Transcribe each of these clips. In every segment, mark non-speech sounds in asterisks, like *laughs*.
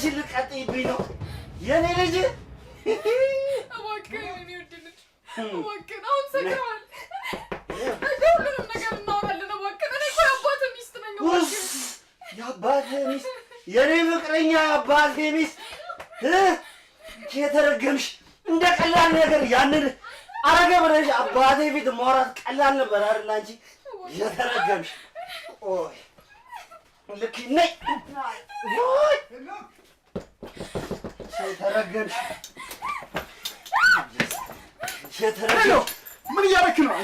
አንቺን ልትቀጥይብኝ ነው የኔ ልጅ። እባክህ እኔ ወድልሽ፣ ሚስት የኔ ፍቅረኛ፣ የአባትህ ሚስት። የተረገምሽ እንደ ቀላል ነገር ያንን አረገ ብለሽ አባቴ ፊት ማውራት ቀላል ነበር አይደል? አንቺ የተረገምሽ። ልክ ነይ ምን እያደረክ ነው?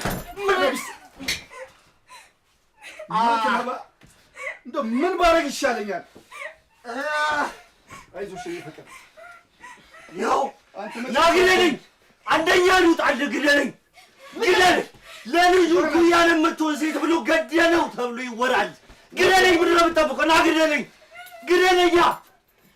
ምን ባደርግ ይሻለኛል? አይዞሽ አንደኛ ልውጣልህ፣ ግለልኝ፣ ግለልኝ። ለልጁ ጉያን የምትሆን ሴት ብሎ ገደለው ተብሎ ይወራል። ግለልኝ፣ ምንድን ነው የምጠብቀው? ና ግለልኝ፣ ግለለኛ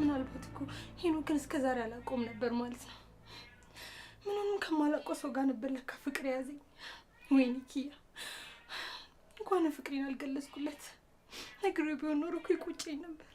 ምናልባት እኮ ሄኖክን እስከ ዛሬ አላውቀውም ነበር ማለት ነው። ምኑንም ከማላውቀው ሰው ጋር ነበር ለካ ፍቅር የያዘኝ። ወይኔ ኪያ፣ እንኳን ፍቅሬን አልገለጽኩለት። ነግሬው ቢሆን ኖሮ እኮ ይቆጨኝ ነበር።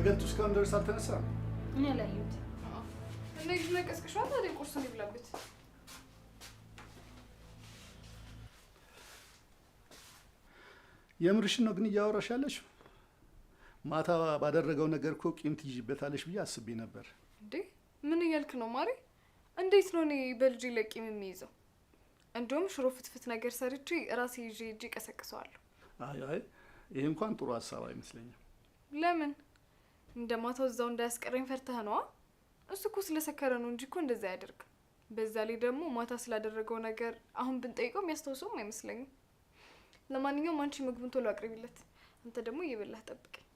መገልቱ እስካሁን ድረስ አልተነሳም። እኔ አላየሁት። እንደዚህ መቀስቀሻ ታዲያ ቁርሱን ይብላበት። የምርሽን ነው ግን እያወራሽ ያለሽው? ማታ ባደረገው ነገር እኮ ቂም ትይዥበታለሽ ብዬ አስቤ ነበር። እንዴ ምን እያልክ ነው ማሪ? እንዴት ነው እኔ በልጂ ለቂም የሚይዘው? እንዲሁም ሽሮ ፍትፍት ነገር ሰርቼ ራሴ ይዤ እጅ ቀሰቅሰዋለሁ። አይ አይ ይህ እንኳን ጥሩ ሀሳብ አይመስለኝም። ለምን እንደማታው እዛው እንዳያስቀረኝ ፈርተህ ነዋ። እሱ እኮ ስለሰከረ ነው እንጂ እኮ እንደዛ አያደርግ። በዛ ላይ ደግሞ ማታ ስላደረገው ነገር አሁን ብንጠይቀው የሚያስታውሰውም አይመስለኝም። ለማንኛውም አንቺ ምግቡን ቶሎ አቅርቢለት፣ አንተ ደግሞ እየበላህ ጠብቀኝ።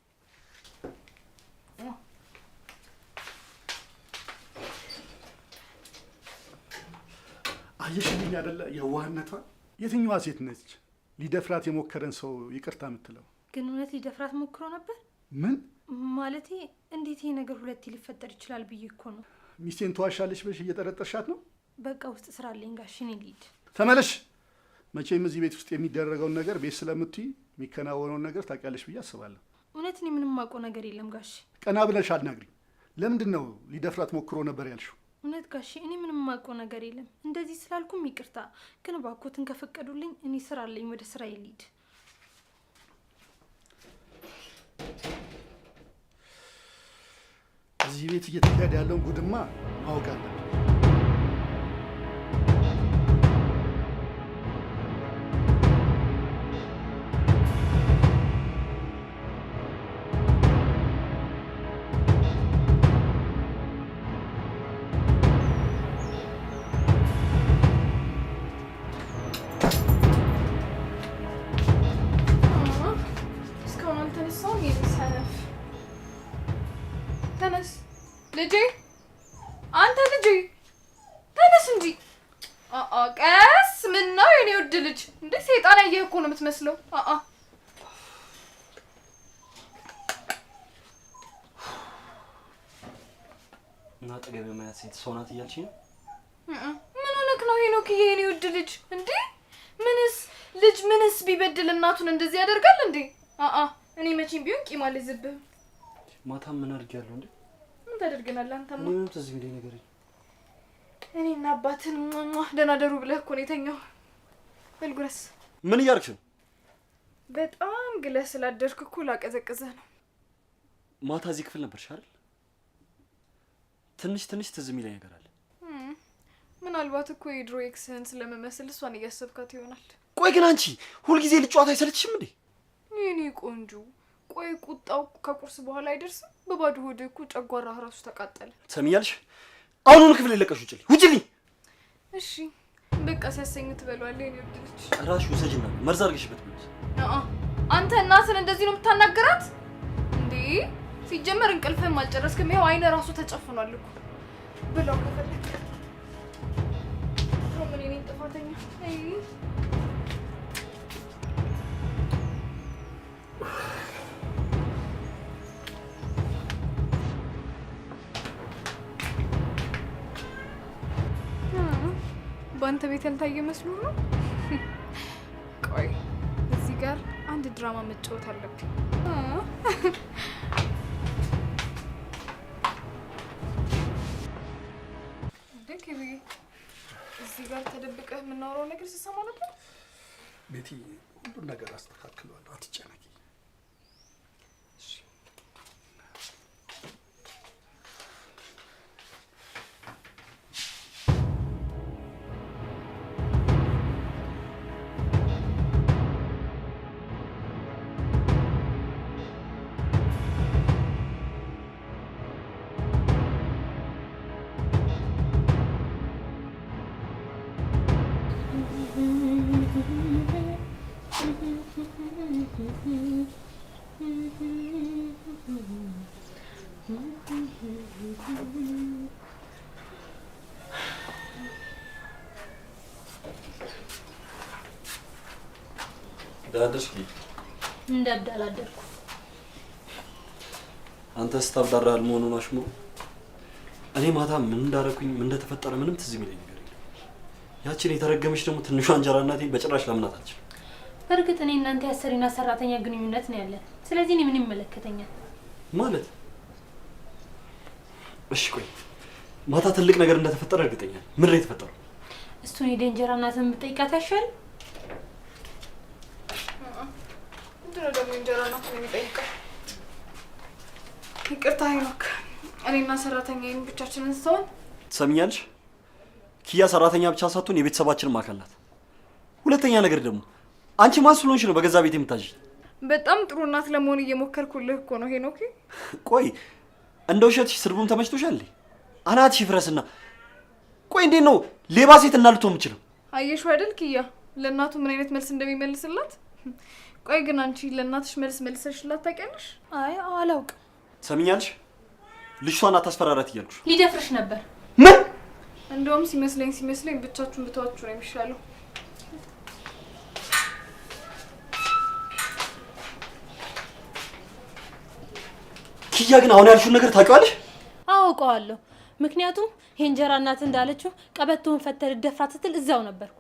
አየሽልኝ አይደለ የዋህነቷን። የትኛዋ ሴት ነች ሊደፍራት የሞከረን ሰው ይቅርታ የምትለው? ግን እውነት ሊደፍራት ሞክሮ ነበር? ምን ማለቴ እንዴት ይሄ ነገር ሁለቴ ሊፈጠር ይችላል ብዬ እኮ ነው። ሚስቴን ተዋሻለች ብለሽ እየጠረጠርሻት ነው? በቃ ውስጥ ስራ አለኝ ጋሽ፣ እኔ ልሂድ። ተመለሽ። መቼም እዚህ ቤት ውስጥ የሚደረገውን ነገር ቤት ስለምትይ የሚከናወነውን ነገር ታውቂያለሽ ብዬ አስባለሁ። እውነት እኔ ምንም የማውቀው ነገር የለም ጋሽ። ቀና ብለሽ አናግሪኝ። ለምንድን ነው ሊደፍራት ሞክሮ ነበር ያልሽው? እውነት ጋሽ፣ እኔ ምንም የማውቀው ነገር የለም። እንደዚህ ስላልኩም ይቅርታ። ግን እባክዎትን ከፈቀዱልኝ እኔ ስራ አለኝ፣ ወደ ስራ ልሂድ። እዚህ ቤት እየተካሄደ ያለውን ጉድማ ማወቅ አለ። ተነስ ልጄ፣ አንተ ልጄ ተነስ እንጂ። ቀስ ምን ነው የኔ ውድ ልጅ፣ እንደ ሴጣን ያየህ እኮ ነው የምትመስለው። እና አጠገብ የማያት ሴት ሰው ናት እያልሽ ነው? ምን ሆነክ ነው ሄኖክዬ? የኔ ውድ ልጅ እንዴ ምንስ ልጅ ምንስ ቢበድል እናቱን እንደዚህ ያደርጋል እንዴ? እኔ መቼም ቢሆን ቂም አልይዝብህም። ማታ ምን አድርጊያለሁ እንዴ? ምን ታደርገናል? አንተማ ምንም ትዝ ቢለኝ ነገር እኔና አባትን ደህና ደሩ ብለህ እኮ ነው የተኛው። እልጉረስ ምን እያርክሽ ነው? በጣም ግለህ ስላደርክ እኮ ላቀዘቅዘህ ነው። ማታ እዚህ ክፍል ነበርሽ አይደል? ትንሽ ትንሽ ትዝ የሚለኝ ነገር አለ። ምናልባት እኮ የድሮ ኤክስህን ስለመመስል እሷን እያሰብካት ይሆናል። ቆይ ግን አንቺ ሁልጊዜ ልጨዋታ አይሰለችሽም እንዴ? የኔ ቆንጆ፣ ቆይ ቁጣው ከቁርስ በኋላ አይደርስም? በባዶ ሆዴ እኮ ጨጓራ እራሱ ተቃጠለ። ሰሚያልሽ፣ አሁኑኑ ክፍል ለቀሽ ውጭልኝ፣ ውጭልኝ። እሺ በቃ ሲያሰኝ ትበሏለህ። እኔ ወድልች ራሽ ውሰጅና መርዝ አድርገሽበት ብሉት። አንተ እናትን እንደዚህ ነው የምታናገራት እንዴ? ሲጀመር እንቅልፍህም አልጨረስክም። ይኸው አይነ ራሱ ተጨፍኗል እኮ ብለው ከፈለክ ምን እኔን ጥፋተኛ በአንተ ቤት ያልታየ መስሎ ነው። *laughs* ቆይ እዚህ ጋር አንድ ድራማ መጫወት አለብኝ። እዚህ ጋር ተደብቀህ የምናወራው ነገር ስሰማ ነበር። ቤቲ ሁሉን ነገር አስተካክለዋለሁ፣ አትጨነቂ አደርሽ እንዴ? እንደ አላደርኩ። አንተ ስታብዳራ አልመሆኑን አሽሙ። እኔ ማታ ምን እንዳረኩኝ ምን እንደተፈጠረ ምንም ትዝ የሚለኝ ነገር የለም። ያችን የተረገመች ደግሞ ትንሿ እንጀራ እናቴ በጭራሽ ላምናት አልችልም። በእርግጥ እኔ እናንተ ያሰሪና ሰራተኛ ግንኙነት ነው ያለን። ስለዚህ እኔ ምን ይመለከተኛል ማለት እሺ ቆይ ማታ ትልቅ ነገር እንደተፈጠረ እርግጠኛ ነኝ። ምንድን የተፈጠረው? እሱን ሄደህ እንጀራ እናትህን አይሻልም? ምንድነው ደግሞ እንጀራ ናት የሚጠይቀው? ይቅርታ ሄኖክ፣ እኔና ሰራተኛዬን ብቻችንን ስተውን ትሰምኛለሽ? ኪያ ሰራተኛ ብቻ ሳትሆን የቤተሰባችን አካል ናት። ሁለተኛ ነገር ደግሞ አንቺ ማን ስለሆንሽ ነው በገዛ ቤት የምታዥ? በጣም ጥሩ እናት ለመሆን እየሞከርኩልህ እኮ ነው ሄኖክ። ቆይ እንደ ውሸትሽ ስድቡም ተመችቶሻል? አናትሽ ይፍረስና። ቆይ እንዴት ነው ሌባ ሴት እናልቶ የምችለው? አየሽው አይደል ኪያ ለእናቱ ምን አይነት መልስ እንደሚመልስላት ቆይ ግን አንቺ ለእናትሽ መልስ መልሰሽላት ታውቂያለሽ? አይ አላውቅም። ሰሚኛልሽ፣ ልጅቷን አታስፈራራት እያልኩሽ ሊደፍርሽ ነበር። ምን እንደውም ሲመስለኝ ሲመስለኝ ብቻችሁን ብታዋችሁ ነው የሚሻለው። ኪያ ግን አሁን ያልሽውን ነገር ታውቂዋለሽ? አውቀዋለሁ ምክንያቱም የእንጀራ እናት እንዳለችው ቀበቶውን ፈተል ደፍራ ስትል እዛው ነበርኩ።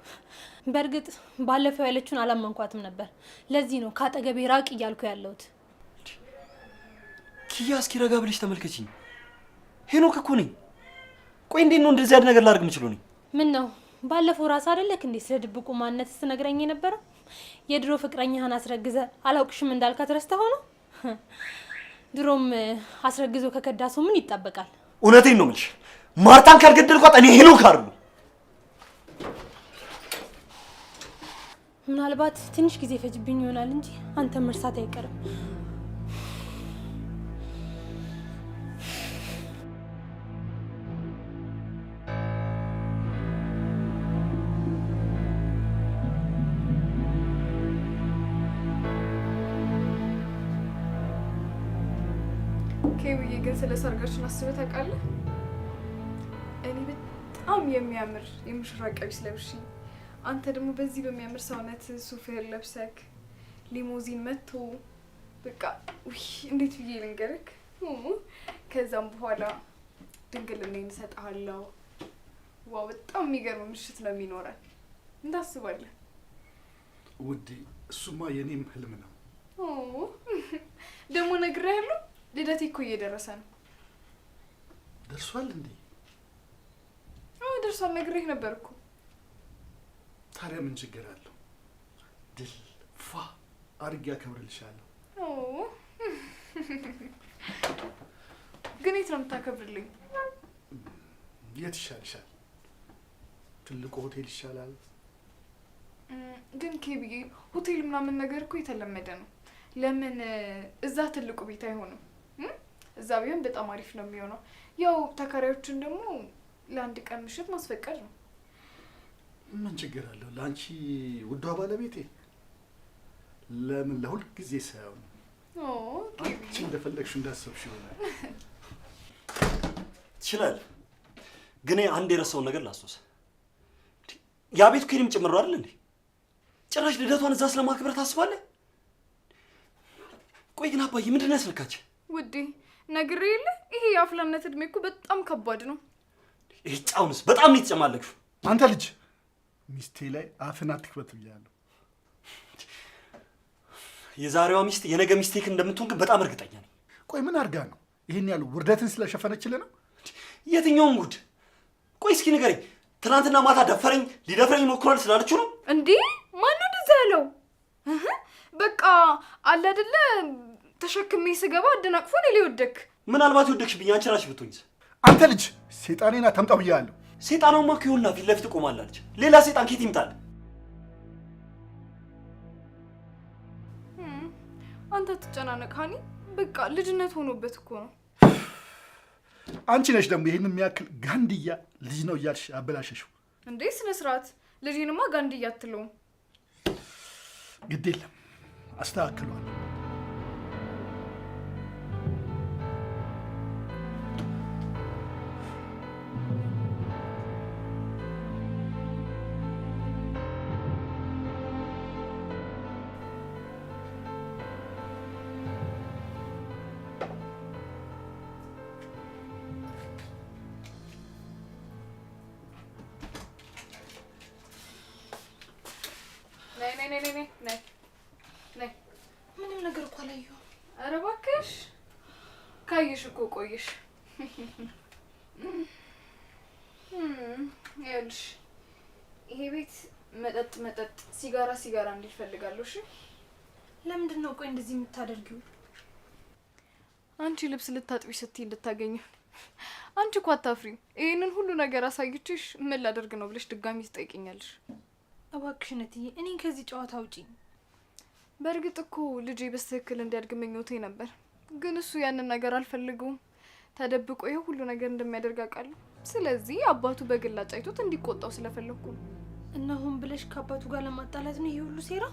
በእርግጥ ባለፈው ያለችውን አላመንኳትም ነበር። ለዚህ ነው ከአጠገቤ ራቅ እያልኩ ያለሁት። ኪያ፣ እስኪ ረጋ ብለሽ ተመልከችኝ። ሄኖክ እኮ ነኝ። ቆይ እንዴት ነው እንደዚህ ያለ ነገር ላደርግ ምችሉ ነኝ? ምን ነው ባለፈው ራስ አደለክ እንዴ ስለ ድብቁ ማንነት ስትነግረኝ የነበረው? የድሮ ፍቅረኛህን አስረግዘ አላውቅሽም እንዳልካት ረስተኸው ነው? ድሮም አስረግዞ ከከዳ ሰው ምን ይጠበቃል? እውነቴን ነው የምልሽ። ማርታን ካልገደልኳት እኔ ሄኖክ አይደለሁ። ምናልባት ትንሽ ጊዜ ፈጅብኝ ይሆናል እንጂ አንተ መርሳት አይቀርም። ግን ስለ ሰርጋችን አስበህ ታውቃለህ? እኔ በጣም የሚያምር የሙሽራ ቀሚስ ለብሽ አንተ ደግሞ በዚህ በሚያምር ሰውነት ሱፌር ለብሰክ ሊሞዚን መጥቶ በቃ ውይ እንዴት ብዬ ልንገርክ። ከዛም በኋላ ድንግልና እንሰጥሃለሁ። ዋው በጣም የሚገርም ምሽት ነው የሚኖረን እንዳስባለን። ውዴ እሱማ የኔም ህልም ነው ደግሞ ነግሬያለሁ። ልደቴ እኮ እየደረሰ ነው። ደርሷል እንዴ? አዎ ደርሷል። ነግሬህ ነበር እኮ። ታዲያ ምን ችግር አለው? ድል ፏ አድርጌ አከብርልሻለሁ። ግን የት ነው የምታከብርልኝ? የት ይሻልሻል? ትልቁ ሆቴል ይሻላል። ግን ኬብዬ ሆቴል ምናምን ነገር እኮ የተለመደ ነው። ለምን እዛ ትልቁ ቤት አይሆንም? እዛ ቢሆን በጣም አሪፍ ነው የሚሆነው። ያው ተከራዮችን ደግሞ ለአንድ ቀን ምሽት ማስፈቀድ ነው። ምን ችግር አለው? ለአንቺ ውዷ ባለቤቴ ለምን ለሁል ጊዜ ሳይሆን አንቺ እንደፈለግሽ እንዳሰብሽ ይሆናል። ትችላል። ግን አንድ የረሳውን ነገር ላስታውስ። ያ ቤት ከኔም ጭምሮ አይደል እንዴ? ጭራሽ ልደቷን እዛ ስለማክበር ታስባለ? ቆይ ግን አባዬ ምንድን ነው ያስልካቸው? ውዴ ነግሬ የለ ይሄ የአፍላነት እድሜ እኮ በጣም ከባድ ነው። ይህጫውንስ በጣም ነው አንተ ልጅ ሚስቴ ላይ አፍን አትክበት ብያለሁ። የዛሬዋ ሚስት የነገ ሚስቴክ እንደምትሆን ግን በጣም እርግጠኛ ነኝ። ቆይ ምን አድርጋ ነው ይህን ያሉ ውርደትን ስለሸፈነችልህ ነው? የትኛውም ውርድ? ቆይ እስኪ ንገረኝ። ትናንትና ማታ ደፈረኝ፣ ሊደፍረኝ ሞክሯል ስላለችው ነው እንዲህ? ማነው እንደዛ ያለው? በቃ አለ አይደለ ተሸክሜ ስገባ አደናቅፎ እኔ ላይ ወደክ። ምናልባት ብኝ አንቺ እራስሽ ብትሆኝስ? አንተ ልጅ ሴጣኔን አታምጣ ብያለሁ። ሴጣናማ ከሆና ፊት ለፊት ቆማላለች። ሌላ ሴጣን ኬት ይምጣል? አንተ ትጨናነቅ ሀኒ። በቃ ልጅነት ሆኖበት እኮ ነው። አንቺ ነሽ ደግሞ ይህን የሚያክል ጋንድያ ልጅ ነው እያልሽ አበላሸሽው። እንዴ ስነ ስርዓት። ልጅንማ ጋንድያ አትለውም። ግድ የለም አስተካክሏል። ምንም ነገር እኮ አላየሁም። ኧረ እባክሽ ካየሽ እኮ ቆየሽ። ይኸውልሽ ይሄ ቤት መጠጥ መጠጥ፣ ሲጋራ ሲጋራ እንዲል እፈልጋለሁ። እሺ ለምንድን ነው ቆይ እንደዚህ የምታደርጊው? አንቺ ልብስ ልታጥቢ ስትይ እንድታገኘው አንቺ እኮ አታፍሪም። ይህንን ሁሉ ነገር አሳይችሽ ምን ላደርግ ነው ብለሽ ድጋሚ ትጠይቀኛለሽ። እባክሽ እኔን ከዚህ ጨዋታ ውጪ በእርግጥ እኮ ልጄ በትክክል እንዲያድግ ምኞቴ ነበር፣ ግን እሱ ያንን ነገር አልፈልገውም። ተደብቆ ይህ ሁሉ ነገር እንደሚያደርግ አውቃለሁ። ስለዚህ አባቱ በግላጭ አይቶት እንዲቆጣው ስለፈለግኩ ነው። እና ሆን ብለሽ ከአባቱ ጋር ለማጣላት ነው ይህ ሁሉ ሴራ?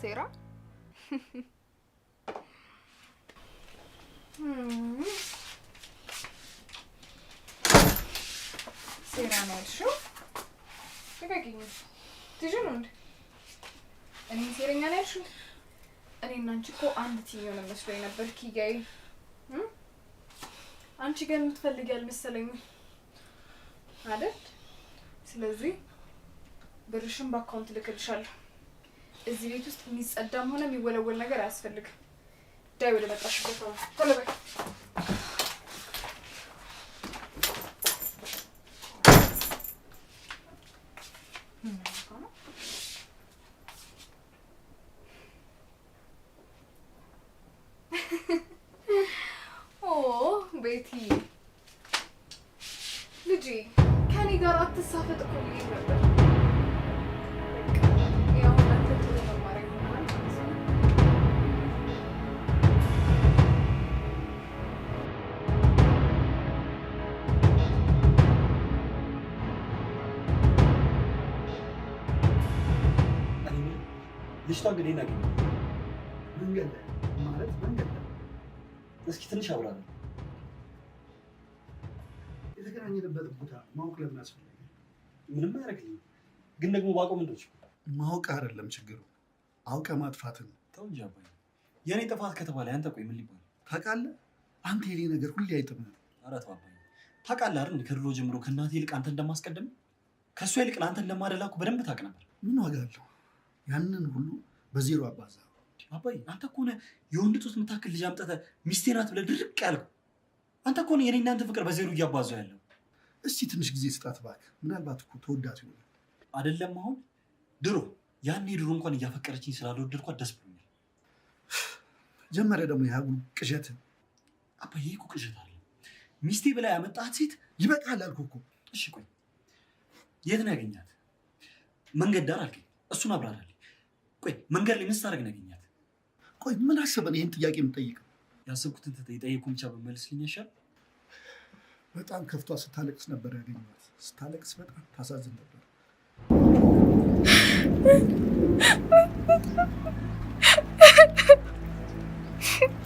ሴራ *laughs* ሴራናልሹ ልቀቂኝ። ትይዥ ነው እንደ እኔ ሴረኛ ነው ያልሽው? እኔ እና አንቺ እኮ አንድ ትይኝ ሆነን መስሎኝ ነበር። ኪጋዬ አንቺ ግን የምትፈልጊ አልመሰለኝም አይደል? ስለዚህ ብርሽን በአካውንት ልክልሻለሁ። እዚህ ቤት ውስጥ የሚጸዳም ሆነ የሚወለወል ነገር አያስፈልግም። ዳይ ወደ መጣሽ ቦታ ቶሎ በይ። መሳፈጥ እኮ ነበር ልጅቷ እንግዲህ ነገ መንገድ ማለት መንገድ እስኪ ትንሽ አብራለሁ የተገናኘንበት ቦታ ማወቅ ለምን አስፈለገ? ምንም አያደርግልኝም። ግን ደግሞ ባቆም እንዶች ማወቅ አይደለም ችግሩ አውቀ ማጥፋትን ተው እንጂ አባዬ። የእኔ ጥፋት ከተባለ ያንተ ቆይ ምን ሊባል ታውቃለህ? አንተ የኔ ነገር ሁሌ አይጥም። ኧረ ተው አባዬ። ታውቃለህ አይደል ከድሮ ጀምሮ ከእናቴ ይልቅ አንተ እንደማስቀድም ከእሷ ይልቅ ለአንተን እንደማደላኩ በደንብ ታውቅ ነበር። ምን ዋጋ አለው? ያንን ሁሉ በዜሮ አባዛ። አባዬ አንተ እኮ ነህ የወንድ ጡት የምታክል ልጅ አምጥተህ ሚስቴ ናት ብለህ ድርቅ ያልከው አንተ እኮ ነህ የኔ እናንተ ፍቅር በዜሮ እያባዛው ያለው እስቲ ትንሽ ጊዜ ስጣት እባክህ። ምናልባት እኮ ተወዳት ይሆናል። አይደለም አሁን ድሮ ያኔ ድሮ እንኳን እያፈቀረችኝ ስላልወደድኳት ደስ ብሎኛል። ጀመሪያ ደግሞ የሀጉል ቅዠት አባዬ እኮ ቅዠት አለ። ሚስቴ በላይ ያመጣት ሴት ይበቃል አልኩ እኮ። እሺ ቆይ የት ነው ያገኛት? መንገድ ዳር አልከኝ፣ እሱን አብራራልኝ። ቆይ መንገድ ላይ ምን ስታደርግ ነው ያገኛት? ቆይ ምን አሰበን ይህን ጥያቄ የምጠይቀው? ያሰብኩትን ተጠይቁ ብቻ በመለስ ልኛሻል በጣም ከፍቷ ስታለቅስ ነበር ያገኘኋት። ስታለቅስ በጣም ታሳዝን ነበር። *laughs*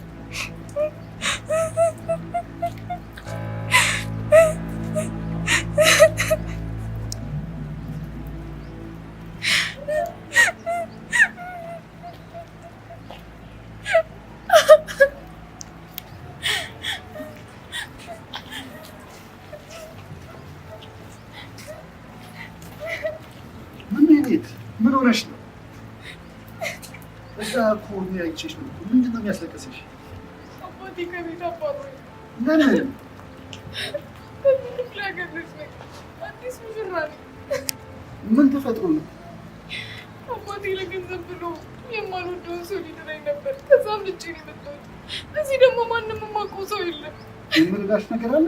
ኮርኒ አይቼሽ ነው። ምንድን ነው የሚያስለቅስሽ? አባቴ ከቤት አባሮ ለምን አዲስ ሙሽራ ነኝ። ምን ተፈጥሮ ነው? አባቴ ለገንዘብ ብሎ የማልወደውን ሰው ሊድረኝ ነበር። ከዛም ልጄ ነው የመጣሁት። እዚህ ደግሞ ማንም የማውቀው ሰው የለም። የምንላሽ ነገር አለ?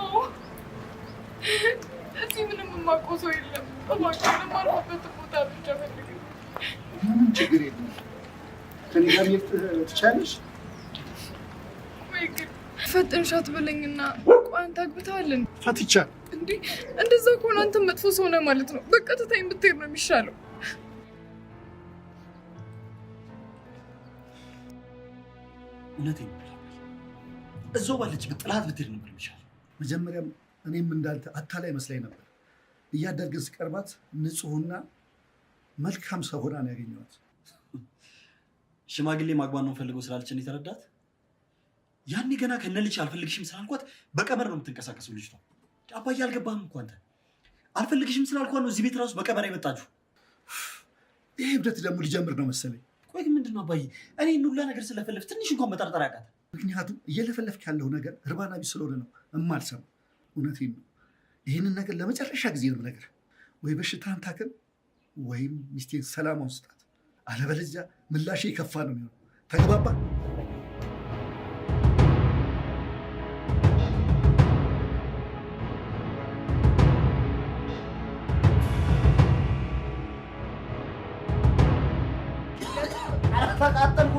አዎ እዚህ ምንም የማውቀው ሰው የለም። እባክህ ለማልኩበት ቦታ ብቻ ፈልግ ምንም ችግር የለም። ከኔ ጋር መሄድ ትቻለሽ? ወይ ግን ፈጥንሽ አትበለኝና፣ አንተ አግብተሃል? ፈትቻል። እንዴ እንደዛ ከሆነ አንተ መጥፎ ሰው ነህ ማለት ነው። በቀጥታ የምትሄድ ነው የሚሻለው። እውነቴን እዛው ባለች ጥላት ብትሄድ ነበር የሚሻለው። መጀመሪያም እኔም እንዳንተ አታላይ መስላኝ ነበር። እያደርግን ስቀርባት ንጹህና መልካም ሰው ሆና ነው ያገኘኋት። ሽማግሌ ማግባን ነው ፈልገው ስላለችን የተረዳት ያኔ ገና ከነ ልጅ አልፈልግሽም ስላልኳት በቀመር ነው የምትንቀሳቀሰው ልጅቷ። አባዬ አልገባህም እኮ አንተ። አልፈልግሽም ስላልኳት ነው እዚህ ቤት ራሱ በቀመር የመጣችሁ። ይሄ እብደት ደግሞ ሊጀምር ነው መሰለኝ። ቆይ ግን ምንድን ነው አባዬ? እኔ ሁላ ነገር ስለፈለፍ ትንሽ እንኳን መጠርጠር ያውቃት። ምክንያቱም እየለፈለፍክ ያለው ነገር እርባና ቢስ ስለሆነ ነው እማልሰማ። እውነቴን ነው። ይህንን ነገር ለመጨረሻ ጊዜ ነው ነገር ወይ በሽታህን ታክም ወይም ሚስቴን ሰላም አውስጣት፣ አለበለዚያ ምላሽ የከፋ ነው የሚሆነው። ተግባባ? ፈቃጠን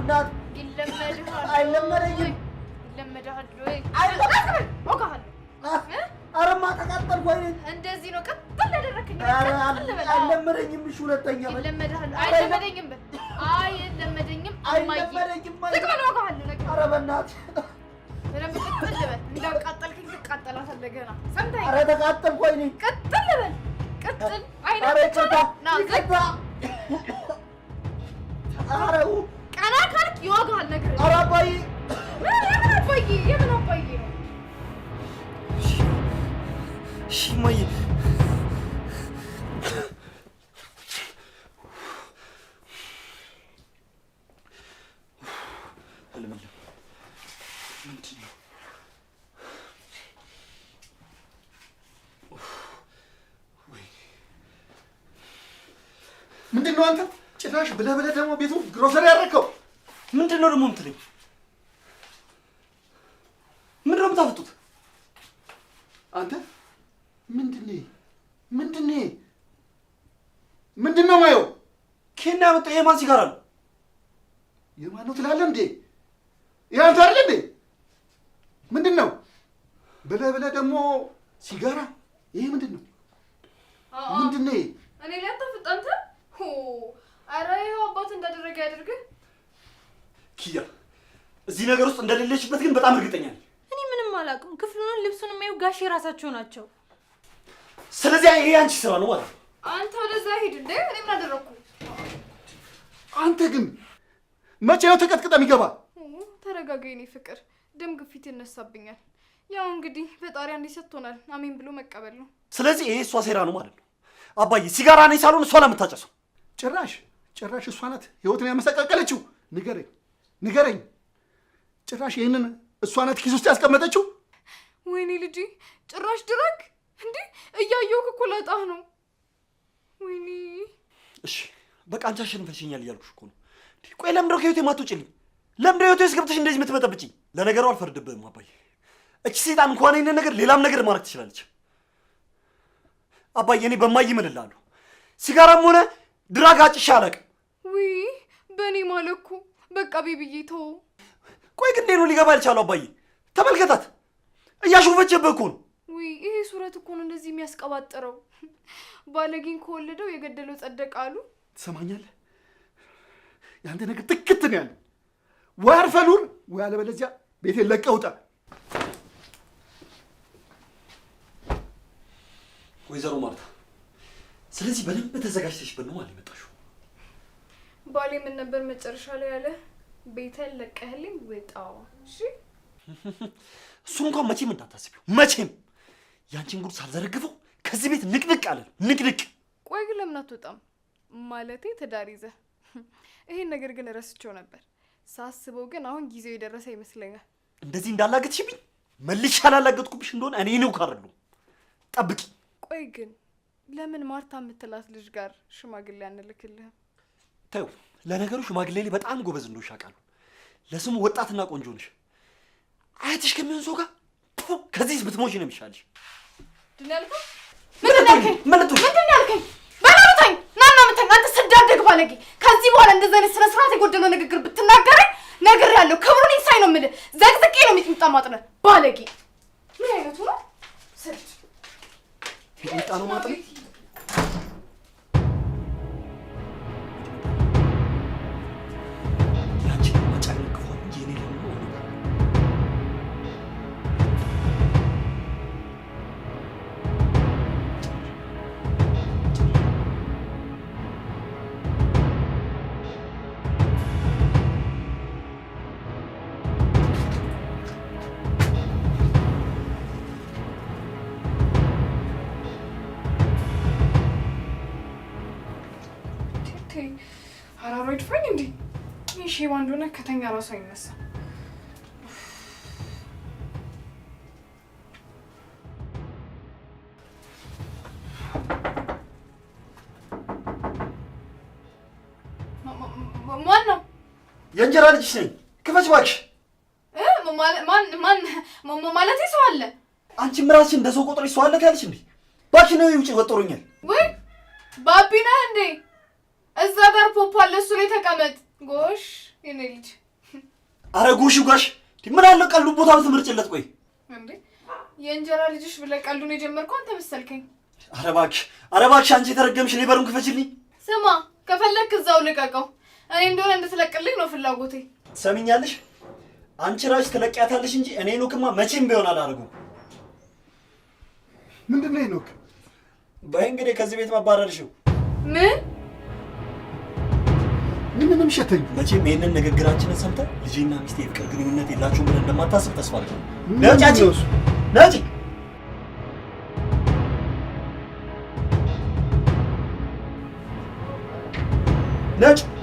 አይለመደኝም አይለመደኝም። እሺ ሁለተኛ አይለመደኝም፣ አይ ኧረ በእናትህ ጭራሽ ብለህ ብለህ ደግሞ ቤቱ ግሮሰሪ ያደረከው ምንድን ነው ደግሞ የምትለኝ? ምንድን ነው የምታፈጡት አንተ? ምንድን ምንድን ምንድን ነው ማየው? ኬና ያመጣው የማን ሲጋራ ነው? የማን ነው ትላለህ እንዴ? ይህ አንተ አይደል እንዴ? ምንድን ነው ብለህ ብለህ ደግሞ ሲጋራ? ይሄ ምንድን ነው ምንድን እኔ ሊያታፍጥ አንተ አረ ይኸው አባት እንዳደረገ ያደርግህ። ኪያ እዚህ ነገር ውስጥ እንደሌለችበት ግን በጣም እርግጠኛ ነኝ። እኔ ምንም አላውቅም። ክፍሉንም ልብሱን የማዩ ጋሽ የራሳቸው ናቸው። ስለዚህ ይሄ አንቺ ስራ ነው ማለት ነው። አንተ ወደዛ ሂድ እንዴ። እኔ ምን አደረግኩ? አንተ ግን መቼ ነው ተቀጥቅጠ የሚገባ ተረጋጋ የኔ ፍቅር፣ ደም ግፊት ይነሳብኛል። ያው እንግዲህ ፈጣሪ አንዴ ሰጥቶናል፣ አሜን ብሎ መቀበል ነው። ስለዚህ ይሄ እሷ ሴራ ነው ማለት ነው። አባዬ ሲጋራ እኔ ሳልሆን እሷ ለምታጨሰው ጭራሽ ጭራሽ እሷ ናት ህይወትን ያመሰቃቀለችው። ንገረኝ ንገረኝ፣ ጭራሽ ይህንን እሷ ናት ኪስ ውስጥ ያስቀመጠችው። ወይኔ ልጄ፣ ጭራሽ ድረግ እንዴ! እያየሁህ እኮ ላጣህ ነው። ወይኔ እሺ፣ በቃ አንቺ አሸንፈሽኛል እያልኩሽ እኮ ነው። ቆይ ለምንድነው ከህይወቴ የማትወጪልኝ? ለምንድነው ህይወት ውስጥ ገብተሽ እንደዚህ የምትበጠብጪኝ? ለነገሩ አልፈርድብህም አባዬ። እቺ ሴጣን እንኳን ይህንን ነገር ሌላም ነገር ማድረግ ትችላለች። አባዬ እኔ በማይ ምን ሲጋራም ሆነ ድራግ አጭሼ አላውቅም። ውይ በእኔ ማለኩ በቃ ቤቢዬ ተው። ቆይ ግን እንዴት ነው ሊገባ ያልቻሉ? አባዬ ተመልከታት፣ እያሾፈችብህ እኮ ነው። ውይ ይሄ ሱረት እኮ ነው እንደዚህ የሚያስቀባጥረው። ባለጌን ከወለደው የገደለው ጸደቅ አሉ። ትሰማኛለህ? የአንተ ነገር ትክት ነው ያለው። ወይ አርፈሉን ወይ አለበለዚያ ቤቴን ለቀህ ውጣ። ወይዘሮ ማርታ፣ ስለዚህ በደንብ ተዘጋጅተሽበት ነው ማለት የመጣሽው ባሌ ምን ነበር መጨረሻ ላይ ያለ? ቤተን ለቀህልኝ ወጣው እሺ *laughs* እሱን እንኳን መቼም እንዳታስቢው። መቼም ያንቺን ጉድ ሳልዘረግፈው ከዚህ ቤት ንቅንቅ አለ ንቅንቅ። ቆይ ግን ለምን አትወጣም? ማለቴ ትዳር ይዘ *laughs* ይሄን ነገር ግን እረስቸው ነበር ሳስበው፣ ግን አሁን ጊዜው የደረሰ ይመስለኛል። እንደዚህ እንዳላገጥሽብኝ መልሽ ያላላገጥኩብሽ እንደሆነ እኔ ነው ካርሉ ጠብቂ። ቆይ ግን ለምን ማርታ የምትላት ልጅ ጋር ሽማግሌ አንልክልህም? ተው። ለነገሩ ሽማግሌ በጣም ጎበዝ እንደሆንሽ አውቃለሁ። ለስሙ ወጣትና ቆንጆ ነሽ። አያትሽ ከሚሆን ሰው ጋር ከዚህ ብትሞሽ ነው የሚሻልሽ። ከዚህ በኋላ እንደዚህ አይነት ስነ ስርዓት የጎደለው ንግግር ብትናገረኝ ነገር ያለው ክብሩን ነው የምልህ። ዘቅዝቄ ነው ማጥነ ባለጌ። ምን አይነቱ ነው? ሺህ ባንድ ሆነ ከተኛ ራሱ አይነሳ። የእንጀራ ልጅሽ ነኝ። ክፈች እባክሽ። ማለት ሰው አለ። አንቺም ራስሽ እንደ ሰው ቆጥረሽ ሰው አለ ያለሽ እንዴ? እባክሽ ነው ውጭ ወጥሮኛል። ወይ ባቢና እንዴ! እዛ ጋር ፖፖ አለ፣ እሱ ላይ ተቀመጥ ጎሽ የኔ ልጅ አረ ጎሽ ጎሽ ምን አለ ቀልዱ ቦታ ብትመርጭለት ቆይ እንዴ የእንጀራ ልጅሽ ብለህ ቀልዱን የጀመርከው አንተ መሰልከኝ አረ እባክሽ አረ እባክሽ አንቺ የተረገምሽ እኔ ክፈችልኝ ስማ ከፈለክ እዛው ልቀቀው እኔ እንደሆነ እንድትለቅልኝ ነው ፍላጎቴ ትሰሚኛለሽ አንቺ ራሽ ትለቂያታለሽ እንጂ እኔ ኖክማ መቼም ቢሆን አላደርገውም ምንድን ነው ኖክ በይ እንግዲህ ከዚህ ቤት መባረርሽው ምን ምንንም ሸተኝ። መቼም ይሄንን ንግግራችንን ሰምተህ ልጅና ሚስቴ የፍቅር ግንኙነት የላቸው ብለህ እንደማታስብ ተስፋ አድርጋለሁ። ነጭ ነጭ